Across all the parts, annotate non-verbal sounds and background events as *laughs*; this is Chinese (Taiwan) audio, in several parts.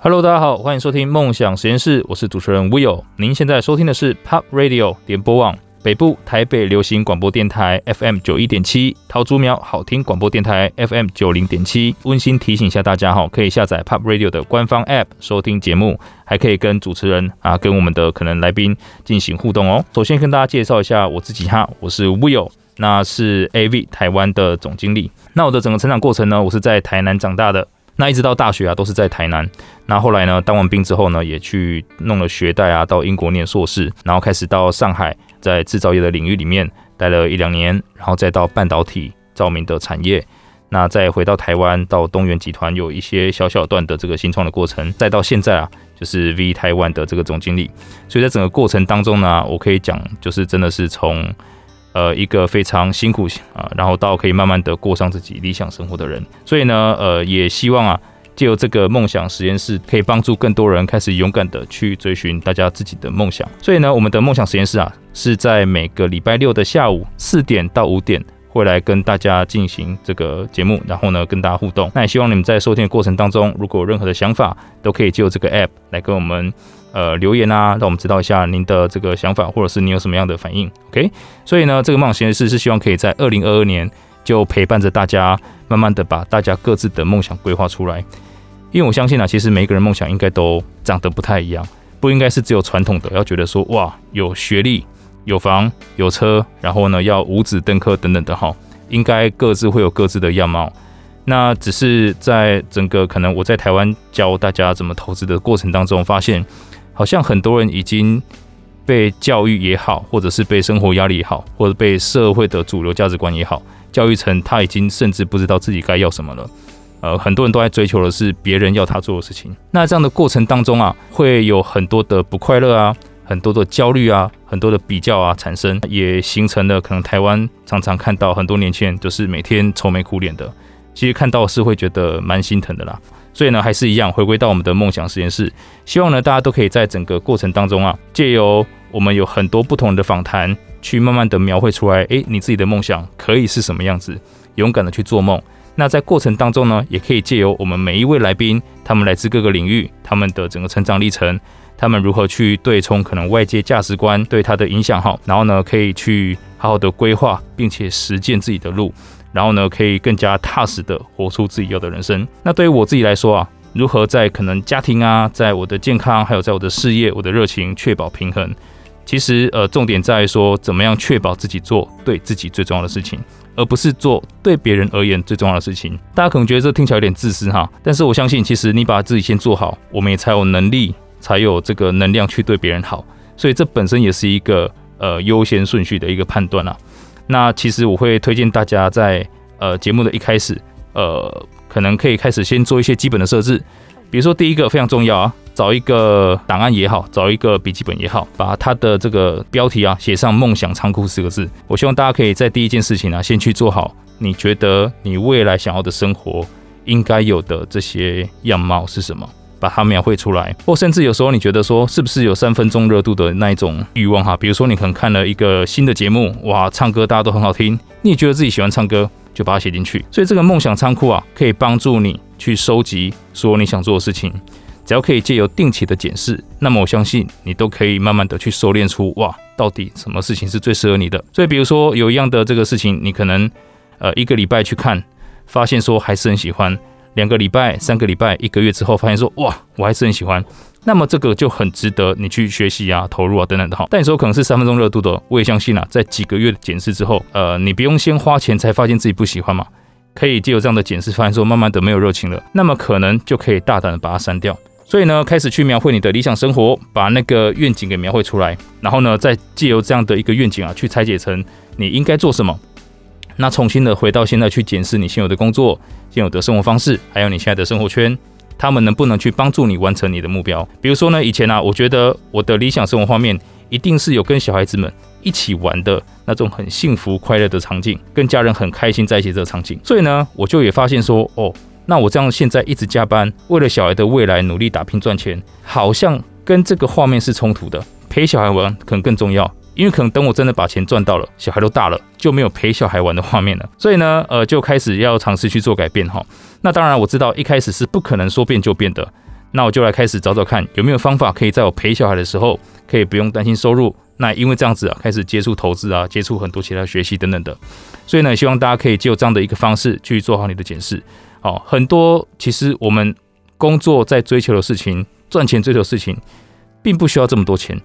Hello，大家好，歡迎收聽夢想實驗室，我是主持人 Will。您現在收聽的是 POP Radio 聯播網北部台北流行廣播電台 FM 九一點七、桃竹苗好聽廣播電台 FM 九零點七。溫馨提醒一下大家哈，可以下載 POP Radio 的官方 App 收聽節目，還可以跟主持人啊，跟我們的可能來賓進行互動哦。首先跟大家介紹一下我自己哈，我是 Will，那是 AV 台灣的總經理。那我的整個成長過程呢，我是在台南長大的。那一直到大學啊，都是在台南。那後來呢，當完兵之後呢，也去弄了學貸啊，到英國念碩士，然後開始到上海，在製造業的領域裡面待了一兩年，然後再到半導體照明的產業。那再回到台灣，到東元集團有一些小小段的這個新創的過程，再到現在啊，就是 V 台灣的這個總經理。所以在整個過程當中呢，我可以講，就是真的是從。呃，一個非常辛苦啊，呃，然後到可以慢慢的過上自己理想生活的人，所以呢，呃，也希望啊，借由這個夢想實驗室，可以幫助更多人開始勇敢的去追尋大家自己的夢想。所以呢，我們的夢想實驗室啊，是在每個禮拜六的下午四點到五點會來跟大家進行這個節目，然後呢，跟大家互動。那也希望你們在收聽的過程當中，如果有任何的想法，都可以就這個 app 來跟我們。呃，留言啊，讓我們知道一下您的這個想法，或者是您有什麼樣的反應，OK？所以呢，這個夢想是是希望可以在二零二二年就陪伴着大家，慢慢的把大家各自的夢想規劃出來。因為我相信呢、啊，其實每一個人夢想應該都長得不太一樣，不應該是只有傳統的，要覺得說哇，有學歷、有房、有車，然後呢，要五子登科等等的哈，應該各自會有各自的樣貌。那只是在整個可能我在台灣教大家怎麼投資的過程當中，發現，好像很多人已經被教育也好，或者是被生活壓力也好，或者被社會的主流價值觀也好，教育成他已經甚至不知道自己該要什麼了。呃，很多人都在追求的是別人要他做的事情。那這樣的過程當中啊，會有很多的不快樂啊，很多的焦慮啊，很多的比較啊產生，也形成了可能台灣常常看到很多年輕人都是每天愁眉苦臉的，其實看到是會覺得蠻心疼的啦。所以呢，還是一樣，回歸到我們的夢想實驗室。希望呢，大家都可以在整個過程當中啊，借由我們有很多不同的訪談，去慢慢的描繪出來，哎、欸，你自己的夢想可以是什麼樣子，勇敢的去做夢。那在過程當中呢，也可以借由我們每一位來賓，他們來自各個領域，他們的整個成長歷程，他們如何去對沖可能外界價值觀對他的影響哈，然後呢，可以去好好的規劃並且實踐自己的路。然後呢，可以更加踏實的活出自己要的人生。那對於我自己來說啊，如何在可能家庭啊，在我的健康，還有在我的事業、我的熱情，確保平衡？其實呃，重點在於說怎麼樣確保自己做對自己最重要的事情，而不是做對別人而言最重要的事情。大家可能覺得這聽起來有點自私哈，但是我相信，其實你把自己先做好，我們也才有能力，才有這個能量去對別人好。所以這本身也是一個呃優先順序的一個判斷啊。那其實我會推薦大家在呃節目的一開始，呃，可能可以開始先做一些基本的設置，比如說第一個非常重要啊，找一個檔案也好，找一個筆記本也好，把它的這個標題啊寫上“夢想倉庫”四個字。我希望大家可以在第一件事情呢、啊，先去做好，你覺得你未來想要的生活應該有的這些樣貌是什麼？把它描繪出來，或甚至有時候你覺得說是不是有三分鐘熱度的那一種慾望哈，啊，比如說你可能看了一個新的節目，哇，唱歌大家都很好聽，你也覺得自己喜歡唱歌，就把它寫進去。所以這個夢想倉庫啊，可以幫助你去收集說你想做的事情，只要可以借由定期的檢視，那麼我相信你都可以慢慢的去收斂出哇，到底什麼事情是最適合你的。所以比如說有一樣的這個事情，你可能呃一個禮拜去看，發現說還是很喜歡。兩個禮拜、三個禮拜、一個月之後，發現說哇，我還是很喜歡那麼這個就很值得你去學習啊、投入啊等等的哈。但你說可能是三分鐘熱度的，我也相信啊，在幾個月的檢視之後呃，你不用先花錢才發現自己不喜歡嘛，可以借由這樣的檢視，發現說慢慢的沒有熱情了，那麼可能就可以大膽的把它刪掉。所以呢，開始去描繪你的理想生活，把那個願景給描繪出來然後呢，再借由這樣的一個願景啊，去拆解成你應該做什麼。那重新的回到現在去檢視你現有的工作、現有的生活方式，還有你現在的生活圈，他們能不能去幫助你完成你的目標？比如說呢，以前啊，我覺得我的理想生活畫面一定是有跟小孩子們一起玩的那種很幸福快樂的場景，跟家人很開心在一起這個場景。所以呢，我就也發現說，哦，那我這樣現在一直加班，為了小孩的未來努力打拼賺錢，好像跟這個畫面是衝突的。陪小孩玩可能更重要。因為可能等我真的把錢賺到了，小孩都大了，就沒有陪小孩玩的畫面了。所以呢，呃，就開始要嘗試去做改變哈。那當然我知道一開始是不可能說變就變的。那我就來開始找找看有沒有方法可以在我陪小孩的時候可以不用擔心收入。那因為這樣子啊，開始接觸投資啊，接觸很多其他學習等等的。所以呢，希望大家可以借這樣的一個方式去做好你的檢視。哦，很多其實我們工作在追求的事情，賺錢追求的事情，並不需要這麼多錢。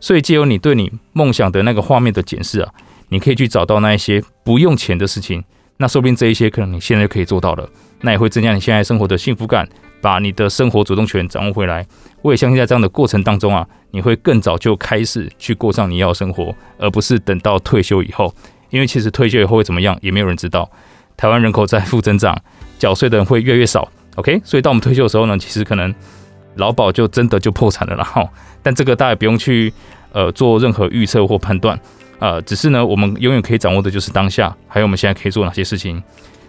所以，借由你對你夢想的那個畫面的解釋啊，你可以去找到那一些不用錢的事情。那說不定這一些可能你現在就可以做到了，那也會增加你現在生活的幸福感，把你的生活主動權掌握回來。我也相信在這樣的過程當中啊，你會更早就開始去過上你要的生活，而不是等到退休以後。因為其實退休以後會怎麼樣，也沒有人知道。台灣人口在負增長，繳稅的人會越來越少。OK，所以到我們退休的時候呢，其實可能勞保就真的就破產了，然後。但這個大家也不用去呃做任何預測或判斷，呃，只是呢，我們永遠可以掌握的就是當下，還有我們現在可以做哪些事情。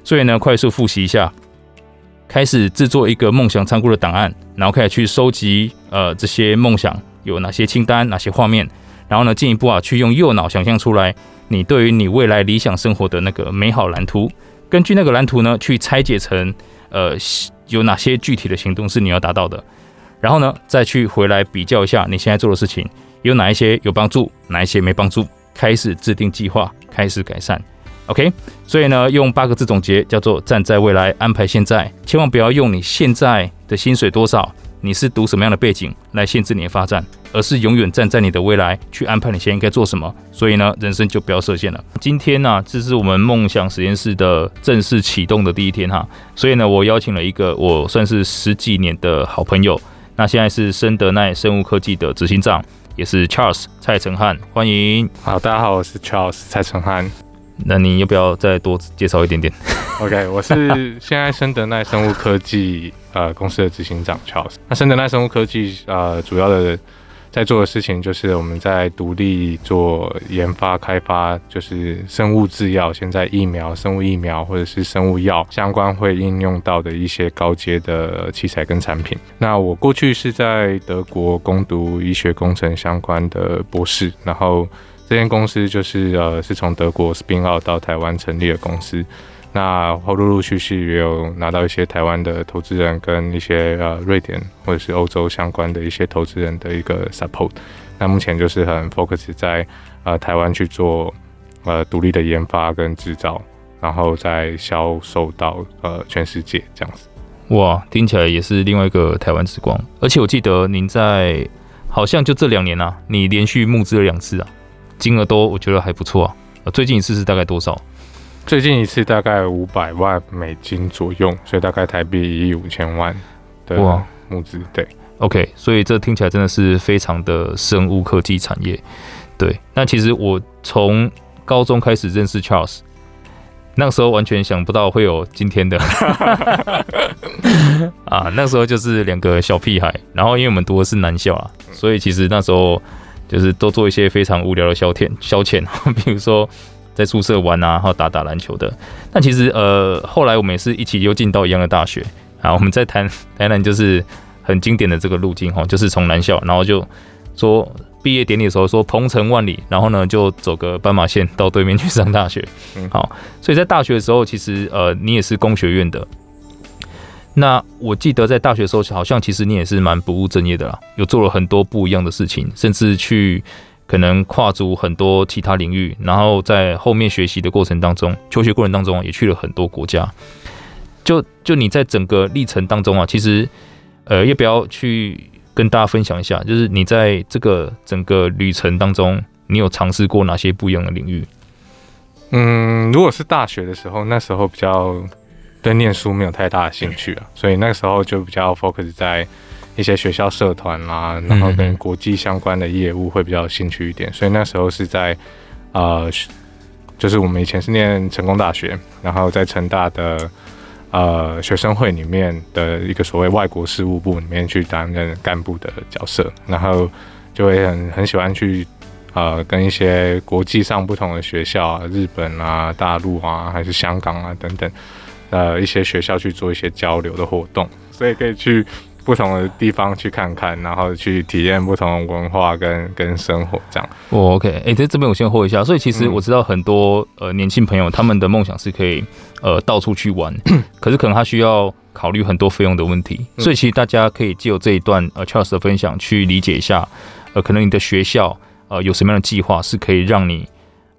所以呢，快速複習一下，開始制作一個夢想倉庫的檔案，然後開始去收集呃這些夢想有哪些清單、哪些畫面，然後呢，進一步啊去用右腦想象出來你對於你未來理想生活的那個美好藍圖，根據那個藍圖呢去拆解成呃有哪些具體的行動是你要達到的。然後呢，再去回來比較一下你現在做的事情，有哪一些有幫助，哪一些沒幫助，開始制定計劃，開始改善。OK，所以呢，用八個字總結叫做“站在未來安排現在”，千萬不要用你現在的薪水多少，你是讀什麼樣的背景來限制你的發展，而是永遠站在你的未來去安排你現在應該做什麼。所以呢，人生就不要設限了。今天呢、啊，這是我們夢想實驗室的正式啟動的第一天哈、啊，所以呢，我邀請了一個我算是十幾年的好朋友。那現在是生德奈生物科技的執行長，也是 Charles 蔡成漢，歡迎。好，大家好，我是 Charles 蔡成漢。那你要不要再多介紹一點點？OK，我是現在生德奈生物科技 *laughs* 呃公司的執行長 Charles。那生德奈生物科技呃主要的。在做的事情就是我們在獨立做研發開發，就是生物製藥，現在疫苗、生物疫苗或者是生物藥相關會應用到的一些高階的器材跟產品。那我過去是在德國攻讀醫學工程相關的博士，然後這間公司就是呃是從德國 spin out 到台灣成立的公司。那陸陸續續也有拿到一些台灣的投資人跟一些呃瑞典或者是歐洲相關的一些投資人的一個 support。那目前就是很 focus 在呃台灣去做呃獨立的研發跟製造，然後再銷售到呃全世界這樣子。哇，聽起來也是另外一個台灣之光。而且我記得您在好像就這兩年啊，你連續募資了兩次啊，金額都我覺得還不錯啊。最近一次是大概多少？最近一次大概五百萬美金左右，所以大概台幣一億五千萬哇，募資。對，OK，所以這聽起來真的是非常的生物科技產業。對，那其實我從高中開始認識 Charles，那個時候完全想不到會有今天的。 *laughs* *laughs* 啊，那時候就是兩個小屁孩，然後因為我們讀的是男校啊，所以其實那時候就是都做一些非常無聊的消遣消遣，比如說。在宿舍玩啊，然後打打籃球的。但其實呃，後來我們也是一起又進到一樣的大學啊。我們在台台南，台南就是很經典的這個路徑哈，就是從南校，然後就說畢業典禮的時候說鵬程萬里，然後呢就走個斑馬線到對面去上大學。好，所以在大學的時候，其實呃，你也是工學院的。那我記得在大學的時候，好像其實你也是蠻不務正業的啦，有做了很多不一樣的事情，甚至去。可能跨足很多其他領域，然後在後面學習的過程當中，求學過程當中也去了很多國家。就就你在整個歷程當中啊，其實，呃，要不要去跟大家分享一下？就是你在這個整個旅程當中，你有嘗試過哪些不一樣的領域？嗯，如果是大學的時候，那時候比較對念書沒有太大的興趣啊，所以那時候就比較 focus 在。一些學校社團啦、啊，然後跟國際相關的業務會比較有興趣一點。嗯嗯嗯，所以那時候是在，呃，就是我們以前是念成功大學，然後在成大的呃學生會裡面的一個所謂外國事務部裡面去擔任幹部的角色，然後就會很很喜歡去呃跟一些國際上不同的學校啊，日本啊、大陸啊，還是香港啊等等，呃一些學校去做一些交流的活動， *laughs* 所以可以去。不同的地方去看看，然後去體驗不同的文化跟跟生活這樣。我 OK 誒，在這邊我先和一下。所以其實我知道很多、嗯、呃年輕朋友他們的夢想是可以呃到處去玩、嗯，可是可能他需要考慮很多費用的問題。所以其實大家可以借由這一段呃 Charles 的分享去理解一下，呃，可能你的學校呃有什麼樣的計劃是可以讓你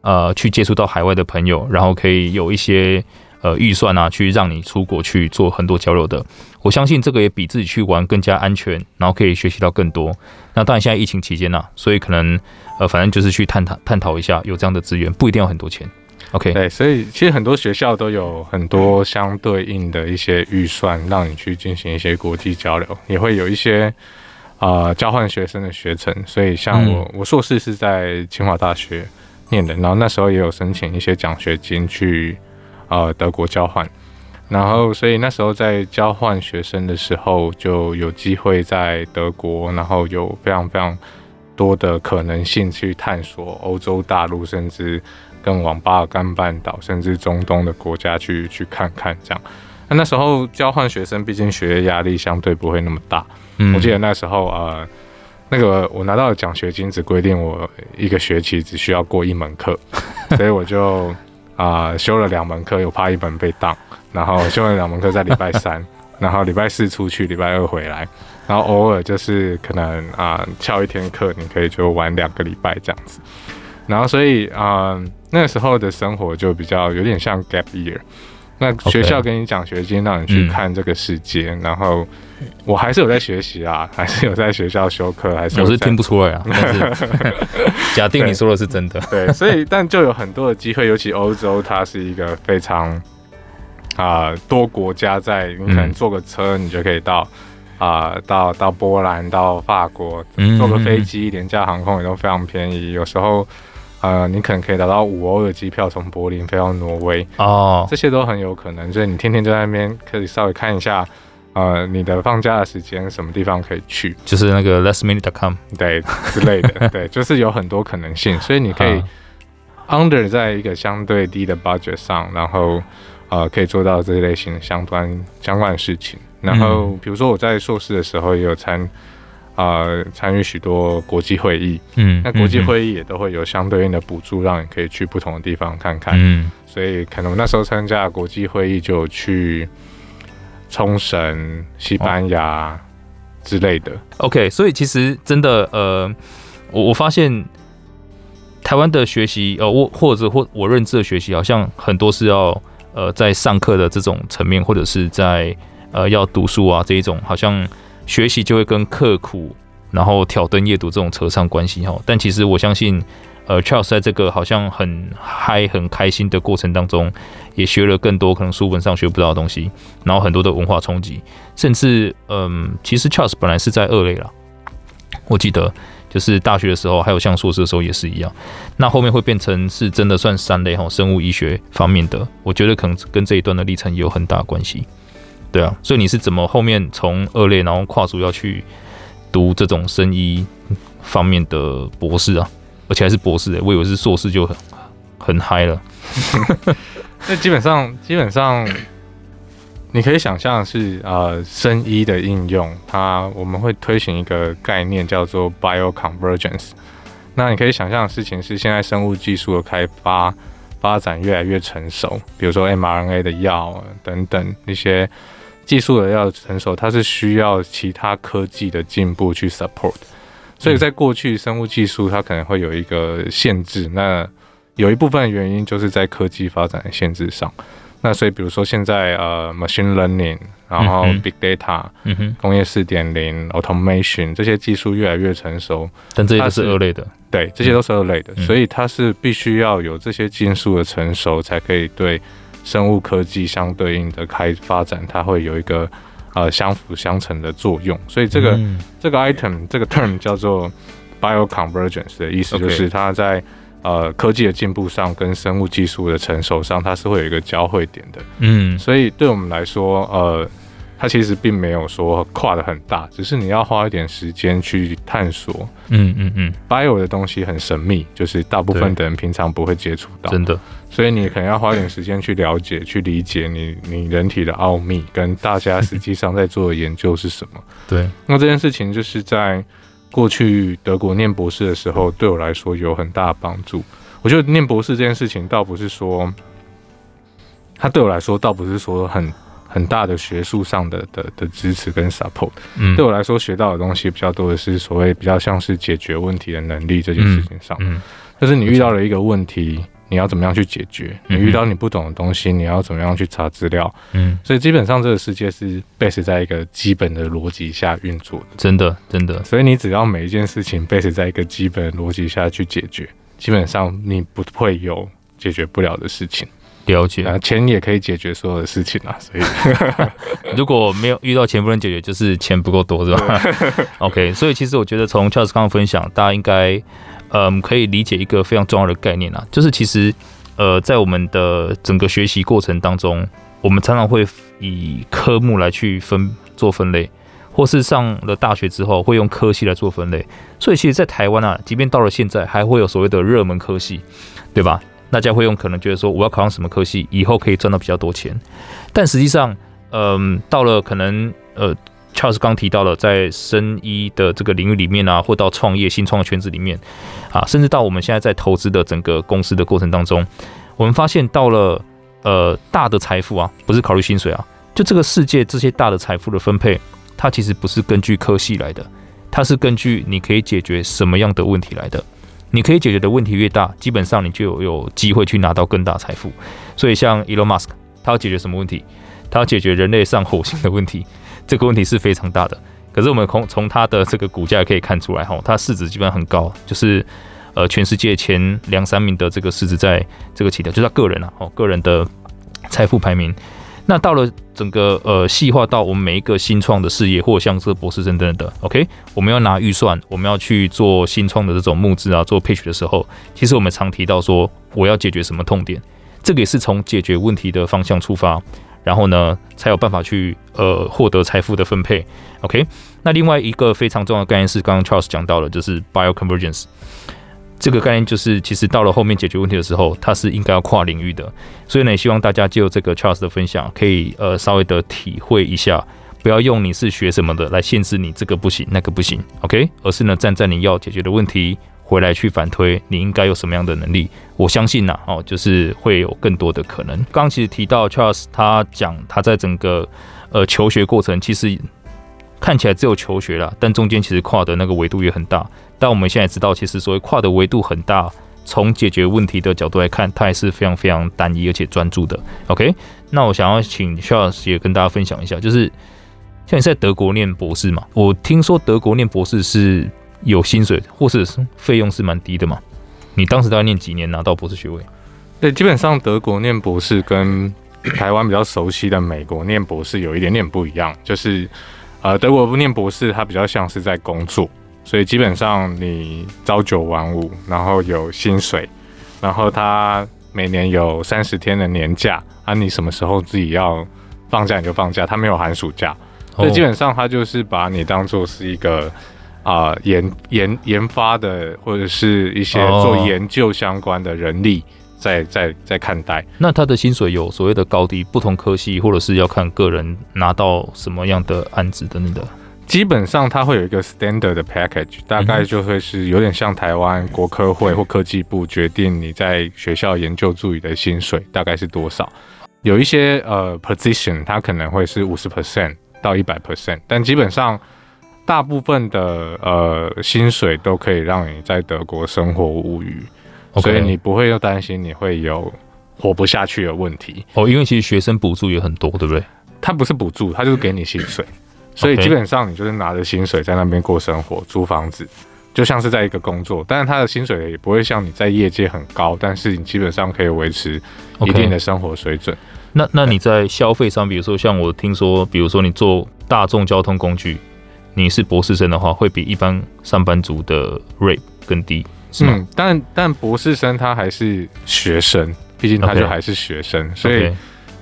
呃去接觸到海外的朋友，然後可以有一些。呃，預算啊，去讓你出國去做很多交流的，我相信這個也比自己去玩更加安全，然後可以學習到更多。那當然，現在疫情期間呢、啊，所以可能呃，反正就是去探討探討一下，有這樣的資源不一定要很多錢。OK，對，所以其實很多學校都有很多相對應的一些預算，讓你去進行一些國際交流，也會有一些啊、呃、交換學生的學程。所以像我，嗯、我碩士是在清華大學念的，然後那時候也有申請一些獎學金去。呃，德國交換，然後所以那時候在交換學生的時候，就有機會在德國，然後有非常非常多的可能性去探索歐洲大陸，甚至更往巴爾幹半島，甚至中東的國家去去看看。這樣，那那時候交換學生畢竟學業壓力相對不會那麼大。嗯，我記得那時候呃，那個我拿到獎學金只規定我一個學期只需要過一門課，所以我就。 *laughs* 啊、呃，修了兩門課，又怕一門被當，然後修了兩門課在禮拜三， *laughs* 然後禮拜四出去，禮拜二回來，然後偶爾就是可能啊、呃，翹一天課，你可以就玩兩個禮拜這樣子。然後所以啊、呃，那時候的生活就比較有點像 gap year。那學校給你獎學金，okay. 讓你去看這個世界，然後我還是有在學習啊，還是有在學校修課，還是有在我是聽不出來啊。 *laughs* 假定你說的是真的對，對，所以但就有很多的機會， *laughs* 尤其歐洲，它是一個非常啊、呃、多國家在，在你可能坐個車，你就可以到啊、嗯呃、到到波蘭，到法國，嗯、坐個飛機，廉價航空也都非常便宜。有時候呃，你可能可以達到五歐的機票，從柏林飛到挪威啊、哦，這些都很有可能。所以你天天就在那邊，可以稍微看一下。呃，你的放假的時間什麼地方可以去？就是那個 lastminute.com 對之類的，對， *laughs* 就是有很多可能性，所以你可以 under 在一個相對低的 budget 上，然後啊、呃，可以做到這一類型相關相關的事情。然後比如說我在碩士的時候也有參啊參與許多國際會議，嗯，那國際會議也都會有相對應的補助，讓你可以去不同的地方看看，嗯，所以可能那時候參加的國際會議就去。沖繩、西班牙之類的。OK，所以其實真的，呃，我我發現台灣的學習，呃，我或者或我認知的學習，好像很多是要呃在上課的這種層面，或者是在呃要讀書啊這一種，好像學習就會跟刻苦，然後挑燈夜讀這種扯上關係哈。但其實我相信。呃，Charles 在這個好像很嗨、很開心的過程當中，也學了更多可能書本上學不到的東西，然後很多的文化衝擊，甚至嗯，其實 Charles 本來是在二類啦，我記得就是大學的時候，還有像碩士的時候也是一樣，那後面會變成是真的算三類哈，生物醫學方面的，我覺得可能跟這一段的歷程也有很大關係。對啊，所以你是怎麼後面從二類然後跨足要去讀這種生醫方面的博士啊？而且還是博士的、欸，我以為是碩士就很很嗨了。 *laughs* 那基本上，基本上你可以想象是呃，生醫的應用，它我們會推行一個概念叫做 bio convergence。那你可以想象的事情是，現在生物技術的開發發展越來越成熟，比如說 mRNA 的藥等等那些技術的要成熟，它是需要其他科技的進步去 support。所以在過去，生物技術它可能會有一個限制。那有一部分原因就是在科技發展的限制上。那所以，比如說現在呃，machine learning，然後 big data，嗯哼，工業四點零，automation，這些技術越來越成熟。但這些都是二類的，對，這些都是二類的。嗯，所以它是必須要有這些技術的成熟，才可以對生物科技相對應的開發展，它會有一個。呃，相輔相成的作用，所以這個、嗯、這個 item 這個 term 叫做 bioconvergence 的意思就是它在、Okay. 呃，科技的進步上跟生物技術的成熟上，它是會有一個交匯點的。嗯，所以對我們來說，呃，它其實並沒有說跨得很大，只是你要花一點時間去探索。嗯嗯嗯，bio 的東西很神秘，就是大部分的人平常不會接觸到。真的。所以你可能要花點時間去了解、去理解你你人體的奧秘，跟大家實際上在做的研究是什麼。 *laughs* 對，那這件事情就是在過去德國念博士的時候，對我來說有很大的幫助。我覺得念博士這件事情，倒不是說它對我來說，倒不是說很很大的學術上的的的支持跟 support。嗯，對我來說，學到的東西比較多的是所謂比較像是解決問題的能力這件事情上嗯。嗯，就是你遇到了一個問題。你要怎麼樣去解決？你遇到你不懂的東西，嗯、你要怎麼樣去查資料？嗯，所以基本上這個世界是 base 在一個基本的邏輯下運作的，真的，真的。所以你只要每一件事情 base 在一個基本邏輯下去解決，基本上你不會有解決不了的事情。了解啊，錢也可以解決所有的事情啊。所以 *laughs* 如果沒有遇到錢不能解決，就是錢不夠多，是吧？對。 *laughs* OK。所以其實我覺得從 Charles 剛剛分享，大家應該。嗯，可以理解一個非常重要的概念啊。就是其實，呃，在我們的整個學習過程當中，我們常常會以科目來去分做分類，或是上了大學之後會用科系來做分類。所以，其實，在台灣啊，即便到了現在，還會有所謂的熱門科系，對吧？大家會用可能覺得說，我要考上什麼科系，以後可以賺到比較多錢。但實際上，嗯，到了可能呃。Charles 剛提到了，在生醫的這個領域裡面啊，或到創業、新創的圈子裡面啊，甚至到我們現在在投資的整個公司的過程當中，我們發現到了呃大的財富啊，不是考慮薪水啊，就這個世界這些大的財富的分配，它其實不是根據科系來的，它是根據你可以解決什麼樣的問題來的。你可以解決的問題越大，基本上你就有有機會去拿到更大財富。所以像 Elon Musk，他要解決什麼問題？他要解決人類上火星的問題。 *laughs* 這個問題是非常大的，可是我們從從它的這個股價也可以看出來，吼，它市值基本上很高，就是呃全世界前兩三名的這個市值在這個起跳，就他個人啊，吼，個人的財富排名。那到了整個呃細化到我們每一個新創的事業，或像是博士生等等的，OK，我們要拿預算，我們要去做新創的這種募資啊，做 Pitch 的時候，其實我們常提到說我要解決什麼痛點，這個也是從解決問題的方向出發。然後呢，才有辦法去呃獲得財富的分配，OK？那另外一個非常重要的概念是剛剛 Charles 講到的，就是 bio convergence 這個概念，就是其實到了後面解決問題的時候，它是應該要跨領域的。所以呢，也希望大家就這個 Charles 的分享，可以呃稍微的體會一下，不要用你是學什麼的來限制你這個不行那個不行，OK？而是呢，站在你要解決的問題。回來去反推，你應該有什麼樣的能力？我相信呢、啊，哦，就是會有更多的可能。剛剛其實提到 Charles，他講他在整個呃求學過程，其實看起來只有求學了，但中間其實跨的那個維度也很大。但我們現在知道，其實所謂跨的維度很大，從解決問題的角度來看，他也是非常非常單一而且專注的。OK，那我想要請 Charles 也跟大家分享一下，就是像你是在德國念博士嘛？我聽說德國念博士是。有薪水，或是費用是蠻低的嘛？你當時大概念幾年拿到博士學位？對，基本上德國念博士跟台灣比較熟悉的美國念博士有一點點不一樣，就是呃，德國念博士他比較像是在工作，所以基本上你朝九晚五，然後有薪水，然後他每年有三十天的年假，啊，你什麼時候自己要放假你就放假，他沒有寒暑假，所以基本上他就是把你當做是一個。啊、呃，研研研發的或者是一些做研究相關的人力，oh. 在在在看待。那他的薪水有所謂的高低，不同科系或者是要看個人拿到什麼樣的案子，等等、那個，基本上他會有一個 standard 的 package，嗯，大概就會是有點像台灣國科會或科技部決定你在學校研究助理的薪水大概是多少。有一些呃 position 它可能會是五十 percent 到一百 percent，但基本上，大部分的呃薪水，都可以讓你在德國生活無虞，okay. 所以你不會又擔心你會有活不下去的問題哦。因為其實學生補助也很多，對不對？它不是補助，它就是給你薪水，所以基本上你就是拿着薪水在那邊過生活，okay. 租房子，就像是在一個工作。但是他的薪水也不會像你在業界很高，但是你基本上可以維持一定的生活水準。Okay. 那，那你在消費上，比如說像我聽說，比如說你坐大眾交通工具，你是博士生的話，會比一般上班族的 rate 更低，是嗎？嗯、但但博士生他還是學生，畢竟他就還是學生，Okay. 所以、Okay.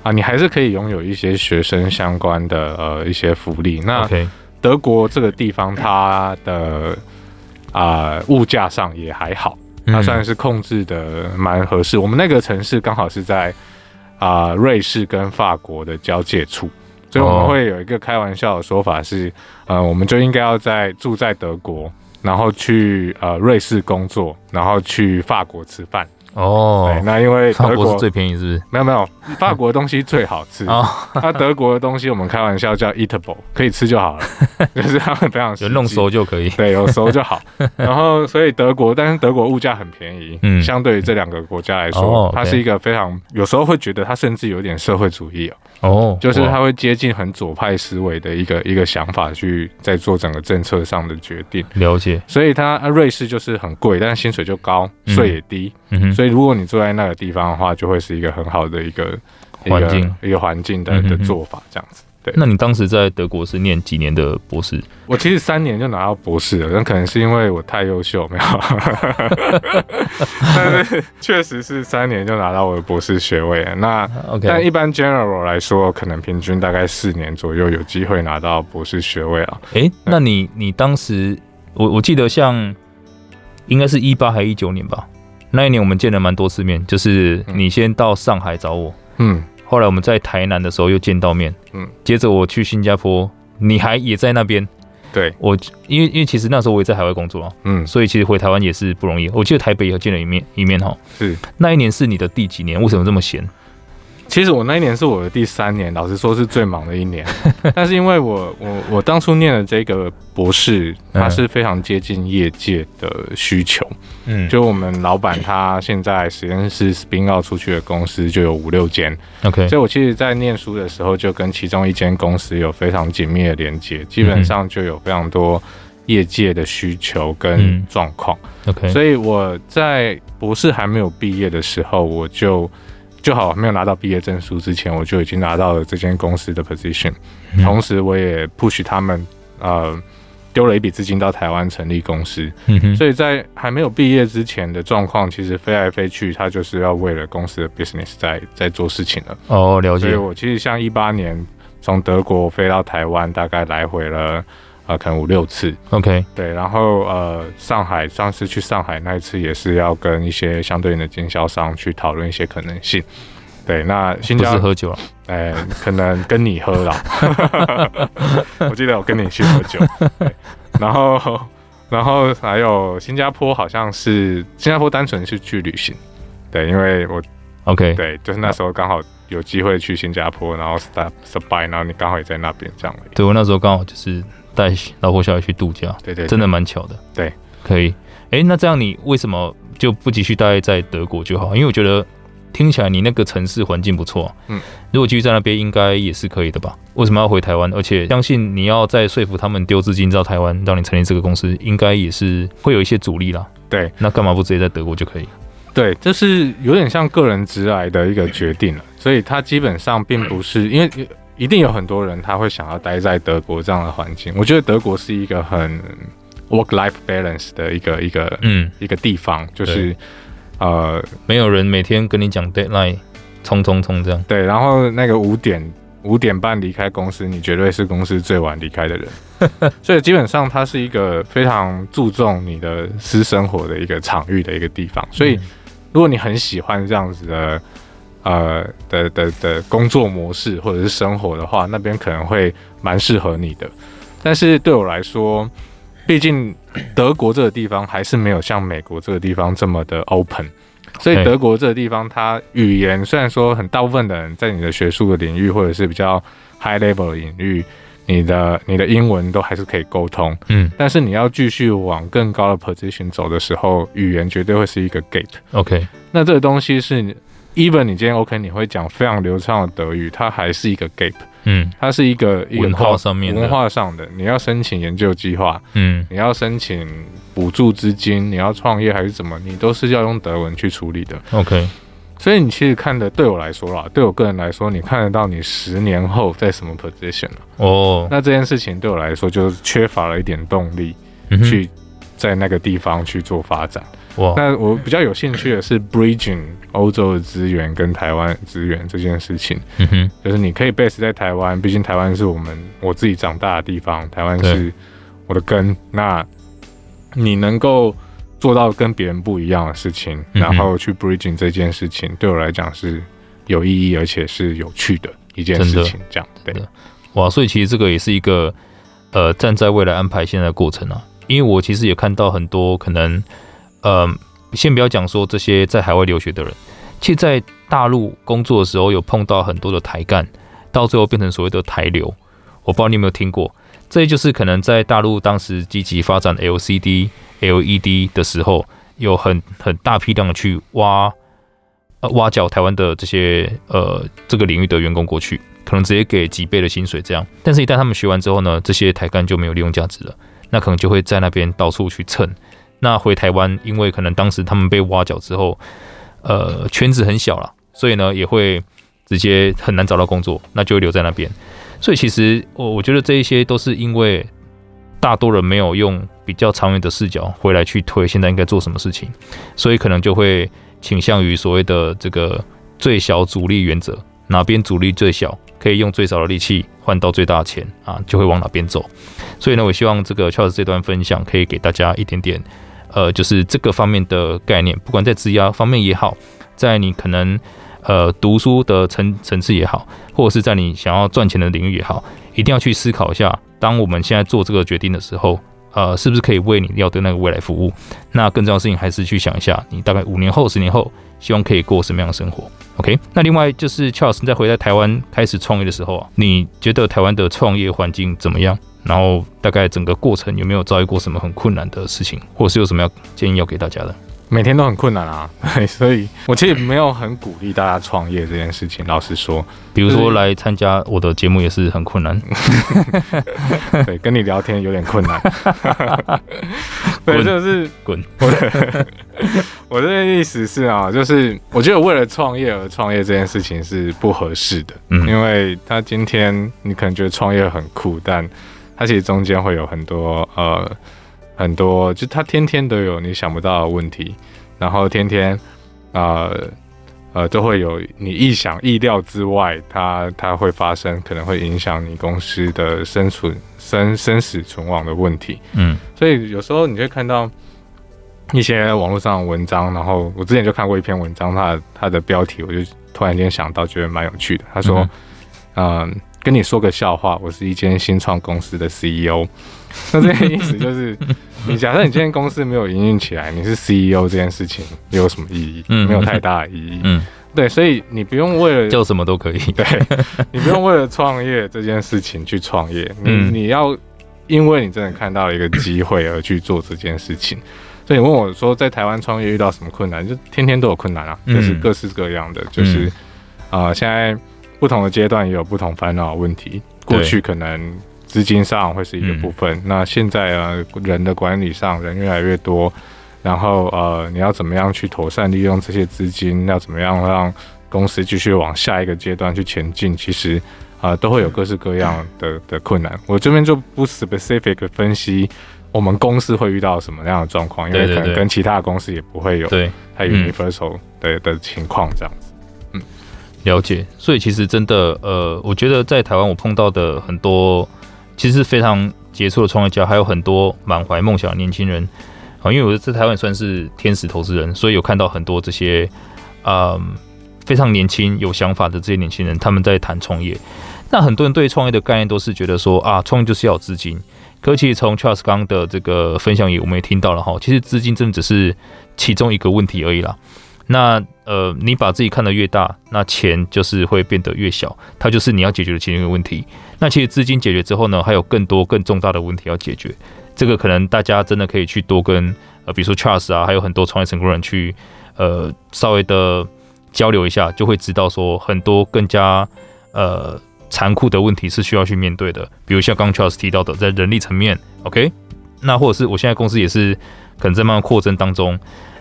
啊，你還是可以擁有一些學生相關的呃一些福利。那德國這個地方，它的啊、呃、物價上也還好，它算是控制的蠻合適、嗯。我們那個城市剛好是在啊、呃、瑞士跟法國的交界處。所以我們會有一個開玩笑的說法是，oh. 呃，我們就應該要在住在德國，然後去呃瑞士工作，然後去法國吃飯。哦、oh.，對，那因為德國，國是最便宜，是不是？沒有沒有，法國的東西最好吃。 *laughs* 那德國的東西，我們開玩笑叫 eatable，可以吃就好了。 *laughs* 就是他們非常有弄熟就可以，對，有熟就好。 *laughs* 然後，所以德國，但是德國物價很便宜，嗯，相對於這兩個國家來說，它是一個非常有時候會覺得它甚至有點社會主義哦，就是它會接近很左派思維的一個一個想法去在做整個政策上的決定。了解，所以它瑞士就是很貴，但是薪水就高，稅也低，所以如果你住在那個地方的話，就會是一個很好的一個環境，一個環境的的做法這樣子。那你當時在德國是念幾年的博士？我其實三年就拿到博士了，那可能是因為我太優秀，沒有。 *laughs* 但是確實是三年就拿到我的博士學位了。那、okay. 但一般 general 來說，可能平均大概四年左右有機會拿到博士學位了。哎、欸，那你你當時我我記得像應該是一八還是一九年吧？那一年我們見了蠻多次面，就是你先到上海找我，嗯。後來我們在台南的時候又見到面，嗯，接着我去新加坡，你還也在那邊，對我，因為因為其實那時候我也在海外工作啊，嗯，所以其實回台灣也是不容易。我記得台北也見了一面一面哈，那一年是你的第幾年？為什麼這麼閒？其實我那一年是我的第三年，老實說是最忙的一年。 *laughs* 但是因為我我我當初唸的這個博士，它是非常接近業界的需求。嗯，就我們老闆他現在實驗室 spin out 出去的公司就有五六間。OK，所以我其實在念書的時候就跟其中一間公司有非常緊密的連接，基本上就有非常多業界的需求跟狀況，嗯。OK，所以我在博士還沒有畢業的時候，我就。就好，沒有拿到畢業證書之前，我就已經拿到了這間公司的 position。嗯。同時，我也 push 他們，呃，丟了一筆資金到台灣成立公司。嗯。所以，在還沒有畢業之前的狀況，其實飛來飛去，他就是要為了公司的 business 在在做事情了。哦，了解。所以我其實像一八年從德國飛到台灣，大概來回了。啊，可能五六次，OK，對，然後呃，上海上次去上海那一次也是要跟一些相對應的經銷商去討論一些可能性，對，那新加坡喝酒、啊，哎、欸，可能跟你喝啦， *laughs* *laughs* 我記得我跟你去喝酒，對，然後然後還有新加坡好像是新加坡單純是去旅行，對，因為我 OK，對，就是那時候剛好有機會去新加坡，然後 stop by 然後你剛好也在那邊這樣，對我那時候剛好就是。帶老婆小孩去度假，對對，對，真的蠻巧的。對，對，可以。哎、欸，那這樣你為什麼就不繼續待在德國就好？因為我覺得聽起來你那個城市環境不錯。嗯，如果繼續在那邊，應該也是可以的吧？為什麼要回台灣？而且相信你要再說服他們丟資金到台灣，讓你成立這個公司，應該也是會有一些阻力啦。對，對，那幹嘛不直接在德國就可以？對，這是有點像個人職涯的一個決定了，所以他基本上並不是因為。一定有很多人他會想要待在德國這樣的環境。我覺得德國是一個很 work life balance 的一個一個嗯，一個地方，就是呃，沒有人每天跟你講 deadline，衝衝衝這樣。對，然後那個五點五點半離開公司，你絕對是公司最晚離開的人。 *laughs* 所以基本上它是一個非常注重你的私生活的一個場域的一個地方。所以如果你很喜歡這樣子的。呃的的的工作模式或者是生活的話，那邊可能會蠻適合你的。但是對我來說，畢竟德國這個地方還是沒有像美國這個地方這麼的 open。所以德國這個地方，它語言雖然說很大部分的人在你的學術的領域或者是比較 high level 的領域，你的你的英文都還是可以溝通。嗯。但是你要繼續往更高的 position 走的時候，語言絕對會是一個 gate。OK。那這個東西是你。Even 你今天 OK，你會講非常流暢的德語，它還是一個 gap。嗯，它是一個文化上面、文化上的。你要申請研究計劃，嗯，你要申請補助資金，你要創業還是怎麼，你都是要用德文去處理的。OK，所以你其實看的，對我來說啦，對我個人來說，你看得到你十年後在什麼 position 哦，啊，oh. 那這件事情對我來說就是缺乏了一點動力，嗯，去。在那個地方去做發展，哇，那我比較有興趣的是 bridging 歐洲的資源跟台灣資源這件事情。嗯哼，就是你可以 base 在台灣，畢竟台灣是我們我自己長大的地方，台灣是我的根。那你能夠做到跟別人不一樣的事情，嗯、然後去 bridging 這件事情，對我來講是有意義而且是有趣的一件事情，這樣真的真的對的，哇，所以其實這個也是一個呃，站在未來安排現在的過程啊。因為我其實也看到很多可能，呃，先不要講說這些在海外留學的人，其實在大陸工作的時候有碰到很多的台幹，到最後變成所謂的台流。我不知道你有沒有聽過，這就是可能在大陸當時積極發展 LCD、LED 的時候，有很很大批量的去挖，呃，挖角台灣的這些呃這個領域的員工過去，可能直接給幾倍的薪水這樣，但是一旦他們學完之後呢，這些台幹就沒有利用價值了。那可能就會在那邊到處去蹭。那回台灣，因為可能當時他們被挖角之後，呃，圈子很小了，所以呢也會直接很難找到工作，那就會留在那邊。所以其實我我覺得這一些都是因為大多人沒有用比較長遠的視角回來去推現在應該做什麼事情，所以可能就會傾向於所謂的這個最小阻力原則，哪邊阻力最小。可以用最少的力氣換到最大錢啊，就會往哪邊走。所以呢，我希望這個 Charles、就是、這段分享可以給大家一點點，呃，就是這個方面的概念。不管在質押方面也好，在你可能呃讀書的層層次也好，或者是在你想要賺錢的領域也好，一定要去思考一下，當我們現在做這個決定的時候。呃，是不是可以為你要的那個未來服務？那更重要的事情還是去想一下，你大概五年後、十年後，希望可以過什麼樣的生活？OK？那另外就是，Charles，你在回到台灣開始創業的時候啊，你覺得台灣的創業環境怎麼樣？然後大概整個過程有沒有遭遇過什麼很困難的事情，或是有什麼要建議要給大家的？每天都很困難啊，所以我其實也沒有很鼓勵大家創業這件事情。老實說，就是、比如說來參加我的節目也是很困難， *laughs* *laughs* 對，跟你聊天有點困難。我 *laughs* 就是滾， *laughs* 我的我的意思是啊，就是我覺得為了創業而創業這件事情是不合適的，嗯，因為他今天你可能覺得創業很酷，但它其實中間會有很多呃。很多就他天天都有你想不到的問題，然後天天啊、呃、呃都會有你意想意料之外，它它會發生，可能會影響你公司的生存生生死存亡的問題。嗯，所以有時候你會看到一些網絡上的文章，然後我之前就看過一篇文章，它的它的標題我就突然間想到，覺得蠻有趣的。他說，嗯。呃跟你說個笑話，我是一間新創公司的 CEO，那這個意思就是，你假設你今天公司沒有營運起來，你是 CEO 這件事情有什麼意義？嗯，沒有太大的意義嗯。嗯，對，所以你不用為了就什麼都可以，對你不用為了創業這件事情去創業，嗯、你你要因為你真的看到一個機會而去做這件事情。所以你問我說，在台灣創業遇到什麼困難？就天天都有困難啊，就是各式各樣的，嗯、就是啊、呃，現在。不同的階段也有不同煩惱的問題。過去可能資金上會是一個部分，那現在啊，人的管理上人越來越多，然後呃、啊，你要怎麼樣去妥善利用這些資金？要怎麼樣讓公司繼續往下一個階段去前進？其實啊，都會有各式各樣的的困難。我這邊就不 specific 分析我們公司會遇到什麼樣的狀況，因為可能跟其他公司也不會有太 universal 的的情況這樣了解，所以其實真的，呃，我覺得在台灣我碰到的很多其實非常傑出的創業家，還有很多滿懷夢想的年輕人啊。因為我在台灣算是天使投資人，所以有看到很多這些嗯、呃、非常年輕有想法的這些年輕人，他們在談創業。那很多人對創業的概念都是覺得說啊，創業就是要資金。可其實從 Charles 剛的這個分享也我們也聽到了哈，其實資金真的只是其中一個問題而已啦。那呃，你把自己看得越大，那錢就是會變得越小，它就是你要解決的其中一個問題。那其實資金解決之後呢，還有更多更重大的問題要解決。這個可能大家真的可以去多跟呃，比如說 Charles 啊，還有很多創業成功人去呃，稍微的交流一下，就會知道說很多更加呃殘酷的問題是需要去面對的。比如像剛剛 Charles 提到的，在人力層面，OK，那或者是我現在公司也是可能在慢慢擴增當中，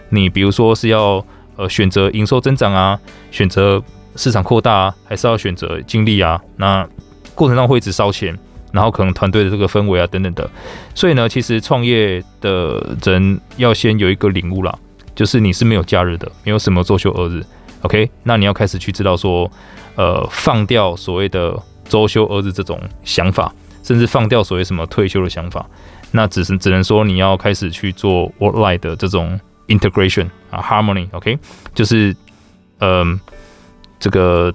你比如說是要。呃，選擇營收增長啊，選擇市場擴大啊，還是要選擇精力啊？那過程當中會一直燒錢，然後可能團隊的這個氛圍啊，等等的。所以呢，其實創業的人要先有一個領悟啦，就是你是沒有假日的，沒有什麼周休二日。OK，那你要開始去知道說，呃，放掉所謂的周休二日這種想法，甚至放掉所謂什麼退休的想法。那只是只能說你要開始去做 work life 的這種。Integration 啊，harmony，OK？就是，嗯、呃，這個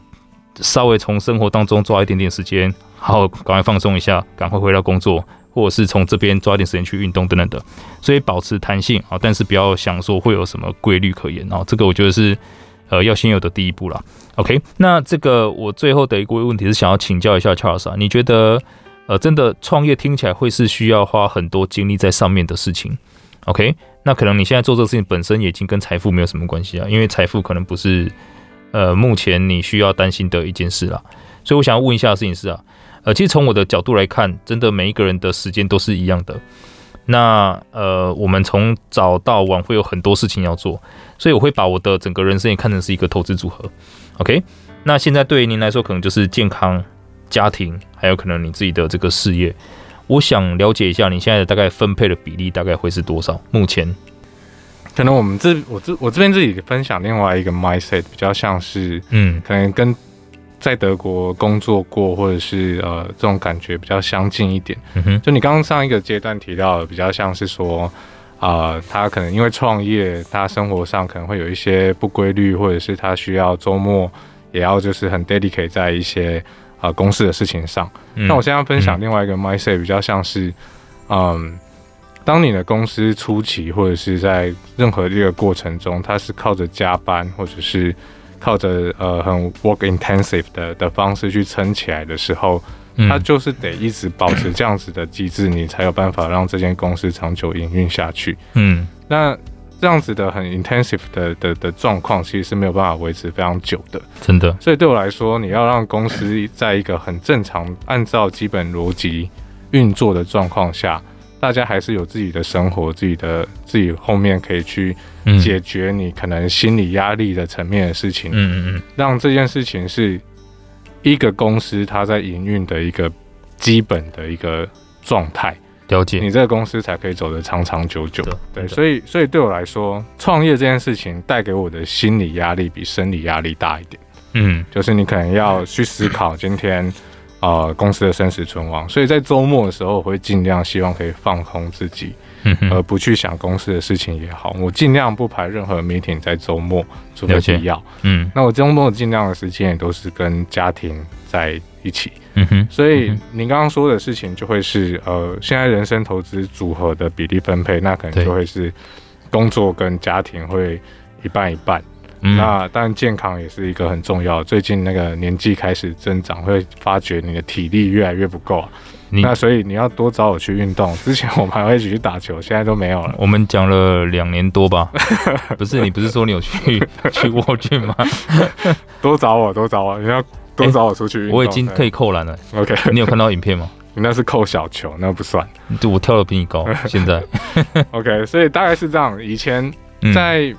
稍微從生活當中抓一點點時間，然後趕快放鬆一下，趕快回到工作，或者是從這邊抓一點時間去運動等等的。所以保持彈性啊，但是不要想說會有什麼規律可言哦。這個我覺得是呃要先有的第一步啦。OK，那這個我最後的一個問題是想要請教一下 Charles 啊，你覺得呃真的創業聽起來會是需要花很多精力在上面的事情，OK？那可能你現在做這個事情本身也已經跟財富沒有什麼關係了，因為財富可能不是呃目前你需要擔心的一件事了。所以我想要問一下的事情是啊，呃，其實從我的角度來看，真的每一個人的時間都是一樣的。那呃，我們從早到晚會有很多事情要做，所以我會把我的整個人生也看成是一個投資組合。OK，那現在對於您來說，可能就是健康、家庭，還有可能你自己的這個事業。我想了解一下你現在的大概分配的比例大概會是多少？目前，可能我們這我這我這邊自己分享另外一個 mindset，比較像是嗯，可能跟在德國工作過或者是呃這種感覺比較相近一點。嗯哼，就你剛剛上一個階段提到的，比較像是說啊、呃，他可能因為創業，他生活上可能會有一些不規律，或者是他需要週末也要就是很 dedicate 在一些。啊、呃，公司的事情上，嗯。那我現在要分享另外一個 mindset，比較像是，嗯，當你的公司初期或者是在任何這個過程中，它是靠着加班或者是靠着呃很 work intensive 的的方式去撐起來的時候，它就是得一直保持這樣子的機制，嗯，你才有辦法讓這間公司長久營運下去。嗯，那。這樣子的很 intensive 的的的狀況，其實是沒有辦法維持非常久的，真的。所以對我來說，你要讓公司在一個很正常、按照基本邏輯運作的狀況下，大家還是有自己的生活、自己的自己後面可以去解決你可能心理壓力的層面的事情。嗯嗯嗯，讓這件事情是一個公司它在營運的一個基本的一個狀態。了解，你這個公司才可以走得長長久久，對對。對，所以，所以對我來說，創業這件事情帶給我的心理壓力比生理壓力大一點。嗯，就是你可能要去思考今天，呃，公司的生死存亡。所以在周末的時候，我會盡量希望可以放空自己，嗯哼，而不去想公司的事情也好。我盡量不排任何 meeting 在周末，除非必要。嗯，那我周末盡量的時間也都是跟家庭在。一起，嗯哼，所以您剛剛說的事情就會是，呃，現在人生投資組合的比例分配，那可能就會是工作跟家庭會一半一半。嗯，那但健康也是一個很重要，最近那個年紀開始增長，會發覺你的體力越來越不夠啊，那所以你要多找我去運動，之前我們還會一起去打球， *laughs* 現在都沒有了。我們講了兩年多吧？ *laughs* 不是，你不是說你有去去過去嗎？ *laughs* 多找我，多找我，你要。多找我出去、欸，我已經可以扣籃了。OK、欸、你有看到影片嗎？ *laughs* 那是扣小球，那不算。就我跳的比你高。現在，OK，所以大概是這樣。以前在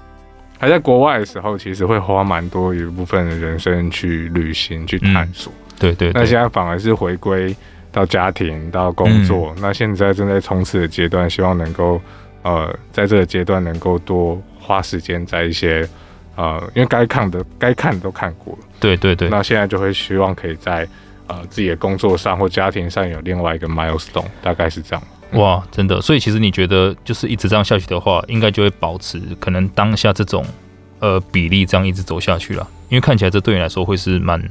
還在國外的時候，其實會花蠻多一部分的人生去旅行、去探索。嗯、對，對對。那現在反而是回歸到家庭、到工作。嗯、那現在正在衝刺的階段，希望能夠呃，在這個階段能夠多花時間在一些。呃，因為該看的，該看的都看過了，對對對。那現在就會希望可以在呃自己的工作上或家庭上有另外一個 milestone，大概是這樣，嗯。哇，真的，所以其實你覺得就是一直這樣下去的話，應該就會保持可能當下這種呃比例這樣一直走下去了，因為看起來這對你來說會是蠻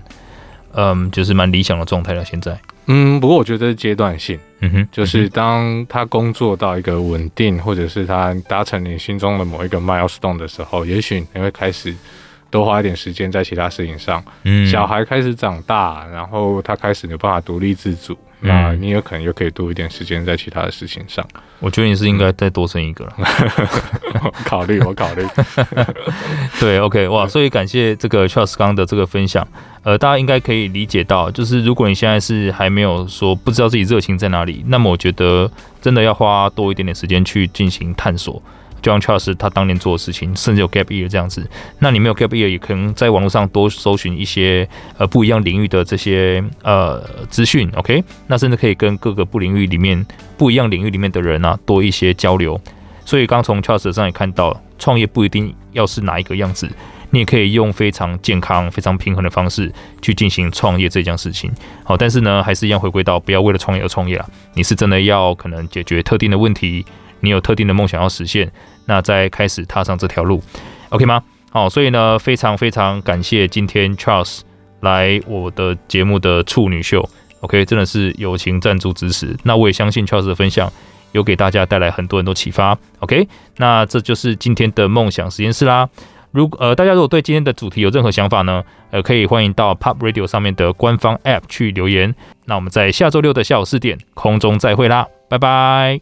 嗯、呃，就是蠻理想的狀態了。現在。嗯，不過我覺得這是階段性，嗯哼，就是當他工作到一個穩定，或者是他達成你心中的某一個 milestone 的時候，也許你會開始多花一點時間在其他事情上。嗯，小孩開始長大，然後他開始有辦法獨立自主。那你有可能又可以多一點時間在其他的事情上，嗯。我覺得你是應該再多生一個。了、嗯， *laughs* 考慮，我考慮 *laughs* 對，OK，哇，所以感謝這個 Charles 剛的這個分享。呃，大家應該可以理解到，就是如果你現在是還沒有說不知道自己熱情在哪裡，那麼我覺得真的要花多一點點時間去進行探索。就像 Charles 他當年做的事情，甚至有 Gap Year 這樣子。那你沒有 Gap Year，也可能在網絡上多搜尋一些呃不一樣領域的這些呃資訊。OK，那甚至可以跟各個不領域裡面不一樣領域裡面的人啊多一些交流。所以剛從 Charles 上也看到，創業不一定要是哪一個樣子，你也可以用非常健康、非常平衡的方式去進行創業這件事情。好，但是呢，還是一樣回歸到不要為了創業而創業啦。你是真的要可能解決特定的問題，你有特定的夢想要實現。那再開始踏上這條路，OK 嗎？好，哦，所以呢，非常非常感謝今天 Charles 來我的節目的處女秀，OK，真的是友情贊助支持。那我也相信 Charles 的分享有給大家帶來很多很多啟發，OK。那這就是今天的夢想實驗室啦。如果呃大家如果對今天的主題有任何想法呢，呃可以歡迎到 Pop Radio 上面的官方 App 去留言。那我們在下周六的下午四點空中再會啦，拜拜。